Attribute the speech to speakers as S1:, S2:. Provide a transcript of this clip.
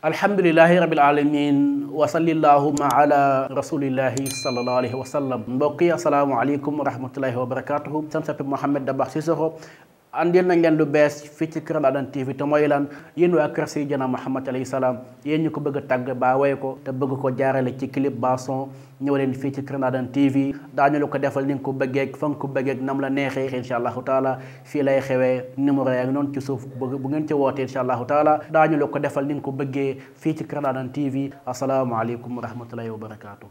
S1: alhamdulilahi rabil alamin wa salillahuma ala rasulillahi sallallahu alayhi wa sallam mbokk yi asalaamaaleykum wa rahmatullahi wa barakatuhu san sapi Mouhamed Dabakh Cissokho andil nañ leen lu bees fii ci Kër Ndanane TV te mooy lan yéen waa kër Seydina Muhammad alayhi salaam yéen ñu ko bëgg a tàgg baa woy ko te bëgg ko jaarale ci clip ba ñëw leen fii ci Kër Ndanane TV daañu la ko defal ni nga ko bëggeeg fa ko bëggeeg nam la neexee incha allahu taala fii lay xewee numéro yaa noonu ci suuf bu ngeen ci wootee incha allahu taala daañu la ko defal ni nga ko bëggee fii ci Kër Ndanane TV asalaamaaleykum wa rahmatullahi wa barakaatu.